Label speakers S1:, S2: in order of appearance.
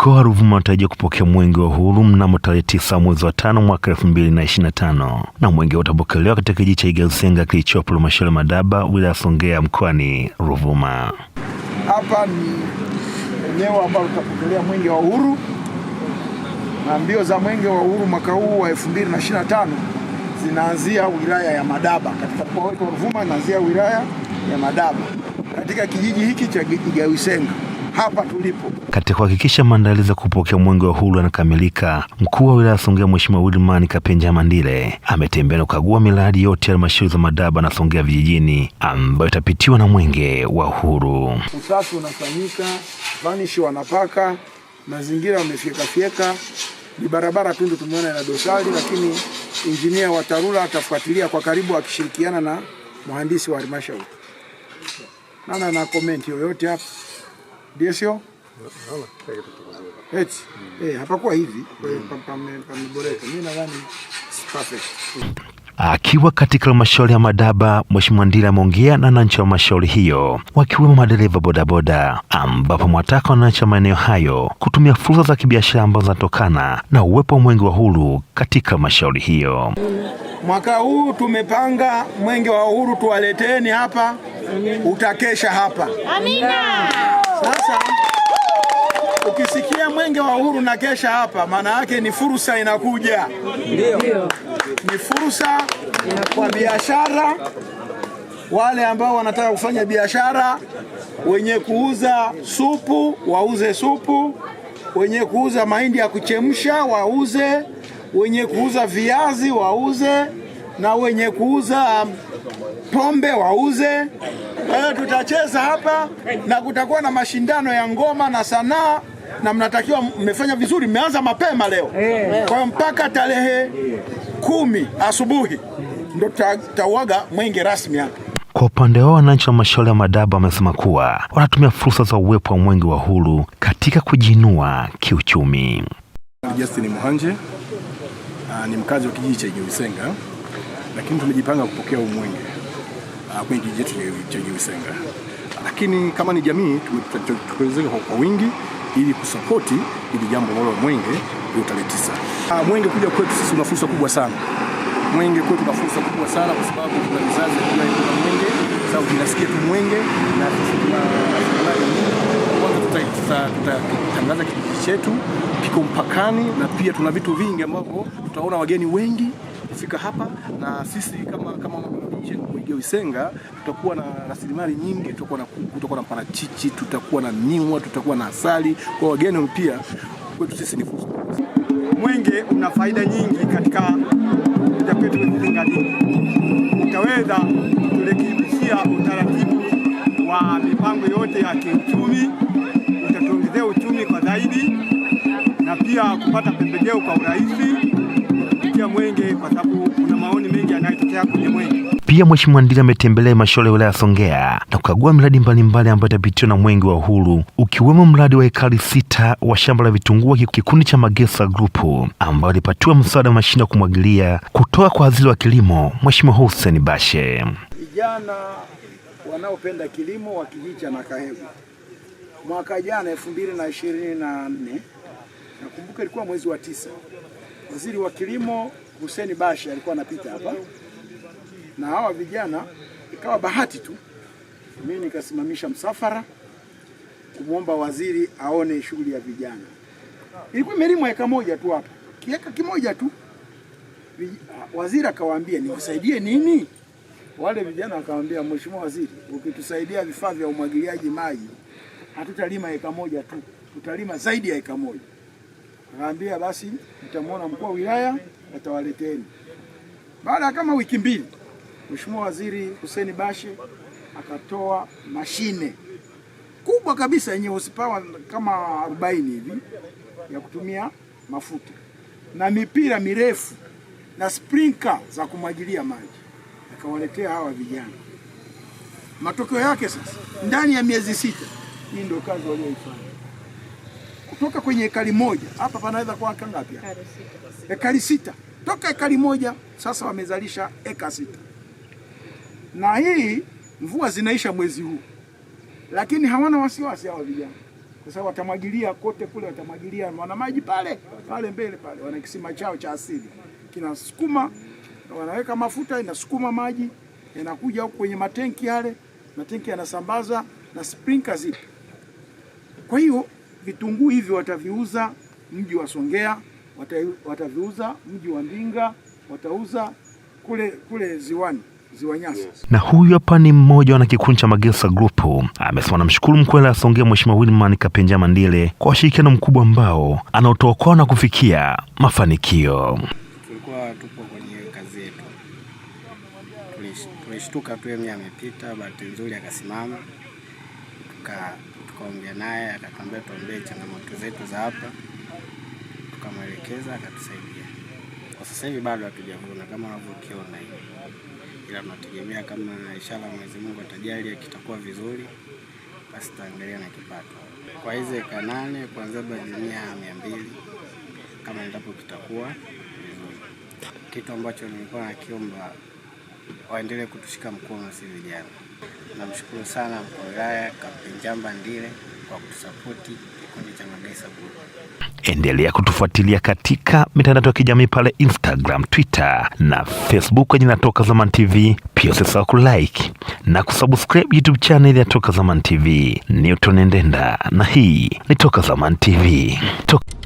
S1: Mkoa wa Ruvuma unatarajia kupokea mwenge wa uhuru mnamo tarehe tisa mwezi wa tano mwaka elfu mbili na ishirini na tano na mwenge utapokelewa katika kijiji cha Igausenga kilichopo halmashauri Madaba wilaya Songea mkoani Ruvuma.
S2: Hapa ni eneo ambalo utapokelea mwenge wa uhuru na mbio za mwenge wa uhuru mwaka huu wa tano zinaanzia wilaya ya Madaba katika mkoa wetu wa Ruvuma, inaanzia wilaya ya Madaba katika kijiji hiki cha igawisenga hapa tulipo.
S1: Katika kuhakikisha maandalizi ya kupokea mwenge wa uhuru yanakamilika, mkuu wa wilaya ya Songea Mheshimiwa Wilman Kapenja Mandile ametembea na kukagua miradi yote ya halmashauri za Madaba na Songea vijijini ambayo itapitiwa na mwenge wa uhuru.
S2: Usafi unafanyika, vanishi wanapaka, mazingira wamefyekafyeka. Ni barabara tu tumeona ina dosari, lakini injinia wa TARURA atafuatilia kwa karibu akishirikiana na mhandisi wa halmashauri. Nana na comment yoyote hapa. DSO mm. eh, hapakuwa hivi, eh, pameboreka. Mimi nadhani perfect.
S1: Akiwa katika halmashauri ya Madaba, Mheshimiwa Ndile ameongea na wananchi wa halmashauri hiyo wakiwemo madereva bodaboda, ambapo mwataka wananchi wa maeneo hayo kutumia fursa za kibiashara ambazo zinatokana na uwepo wa mwengi wa hulu katika halmashauri hiyo.
S2: Mwaka huu tumepanga mwenge wa uhuru tuwaleteni hapa, utakesha hapa. Amina. Sasa ukisikia mwenge wa uhuru na kesha hapa, maana yake ni fursa inakuja. Ndio. Ni fursa kwa biashara, wale ambao wanataka kufanya biashara, wenye kuuza supu wauze supu, wenye kuuza mahindi ya kuchemsha wauze wenye kuuza viazi wauze, na wenye kuuza um, pombe wauze. Kwa hiyo tutacheza hapa na kutakuwa na mashindano ya ngoma na sanaa, na mnatakiwa mmefanya vizuri, mmeanza mapema leo. Eh. Kwa hiyo mpaka tarehe kumi asubuhi ndo tutauaga mwenge rasmi hapa.
S1: Kwa upande wao wananchi wa mashauri ya Madaba wamesema kuwa wanatumia fursa za uwepo wa mwenge wa uhuru katika kujiinua kiuchumi.
S3: Justin Muhanje Ah, ni mkazi wa kijiji cha Ijuisenga lakini tumejipanga kupokea umwenge ah, kwenye kijiji chetu cha Ijuisenga, lakini kama ni jamii tumejitokeza kwa wingi ili kusapoti ili jambo la mwenge ndio tarehe tisa. Ah, mwenge kuja kwetu sisi una fursa kubwa sana. Mwenge kwetu una fursa kubwa sana kwa sababu tuna vizazi vya mwenge, sababu tunasikia tu mwenge na tuna sasa tutatangaza kijiji chetu kiko mpakani, na pia tuna vitu vingi ambavyo tutaona wageni wengi kufika hapa, na sisi kama kama Igeo Isenga tutakuwa na rasilimali nyingi, tutakuwa na kuku, tutakuwa na parachichi, tutakuwa na miwa, tutakuwa na asali kwa wageni. Pia kwetu sisi ni fursa.
S2: Mwenge una faida nyingi katika utaweza kurekebishia utaratibu wa mipango yote ya kiuchumi. kupata pembejeo kwa urahisi kupitia Mwenge kwa sababu kuna maoni mengi yanayotokea kwenye Mwenge.
S1: Pia Mheshimiwa Ndili ametembelea halmashauri ya wilaya ya Songea na kukagua miradi mbalimbali ambayo itapitiwa na Mwenge wa Uhuru ukiwemo mradi wa ekari sita wa shamba la vitunguu kikundi cha Magesa Group ambayo alipatiwa msaada wa mashine ya kumwagilia kutoka kwa waziri wa kilimo Mheshimiwa Hussein Bashe.
S2: Vijana wanaopenda kilimo wa kijiji cha Nakahebu mwaka jana elfu mbili na ishirini na nne nakumbuka ilikuwa mwezi wa tisa, waziri wa kilimo Hussein Bashe alikuwa anapita hapa na hawa vijana, ikawa bahati tu mimi nikasimamisha msafara kumwomba waziri aone shughuli ya vijana. Ilikuwa imelimwa eka moja tu hapa, kiweka kimoja tu. Waziri akawaambia niwasaidie nini? Wale vijana wakawaambia, mheshimiwa waziri, ukitusaidia vifaa vya umwagiliaji maji, hatutalima eka moja tu, tutalima zaidi ya eka moja. Naambia basi nitamwona mkuu wa wilaya atawaleteni. Baada ya kama wiki mbili, Mheshimiwa Waziri Hussein Bashe akatoa mashine kubwa kabisa yenye usipawa kama 40 hivi ya kutumia mafuta na mipira mirefu na sprinkler za kumwagilia maji, akawaletea hawa vijana. Matokeo yake sasa, ndani ya miezi sita, hii ndio kazi walioifanya kutoka kwenye ekari moja hapa panaweza kuwa ngapi? Ekari sita, toka ekari moja sasa wamezalisha eka sita, na hii mvua zinaisha mwezi huu, lakini hawana wasiwasi hawa vijana kwa sababu watamwagilia kote kule, watamwagilia wana maji pale pale mbele pale, wana kisima chao cha asili kinasukuma, wanaweka mafuta, inasukuma maji yanakuja huko kwenye matenki yale, matenki yanasambaza na sprinkler zipo. Kwa hiyo Vitunguu hivi wataviuza mji wa Songea, wataviuza mji wa Mbinga, watauza kule kule ziwani Ziwa Nyasa.
S1: Na huyu hapa ni mmoja wana kikundi cha Magesa Group amesema namshukuru mkwela Asongea Mheshimiwa Wilman kapenja mandile kwa ushirikiano mkubwa ambao anaotoa kwao na kufikia mafanikio.
S4: Tulikuwa tupo kwenye kazi yetu, tulishtuka tu, yeye amepita, bahati nzuri akasimama tuka tukaongea naye, akatuambia tuombee changamoto zetu za hapa, tukamwelekeza akatusaidia. Kwa sasa hivi bado hatujavuna kama unavyokiona hivi, ila tunategemea kama ishara ya Mwenyezi Mungu atajali, kitakuwa vizuri, basi tutaangalia na kipato kwa hizi eka nane kuanzia bajinia mia mbili kama endapo kitakuwa vizuri. Kitu ambacho nilikuwa nakiomba waendelee kutushika mkono, si vijana Namshukuru sana mkuu wa wilaya Kapteni Jamba Ndile kwa kutusapoti kikundi cha Magaisa Group.
S1: Endelea kutufuatilia katika mitandao ya kijamii pale Instagram, Twitter na Facebook kwa jina Toka Zamani TV. Pia usisahau kulike na kusubscribe YouTube channel ya Toka Zamani TV. Newton Ndenda na hii ni Toka Zamani TV. Toka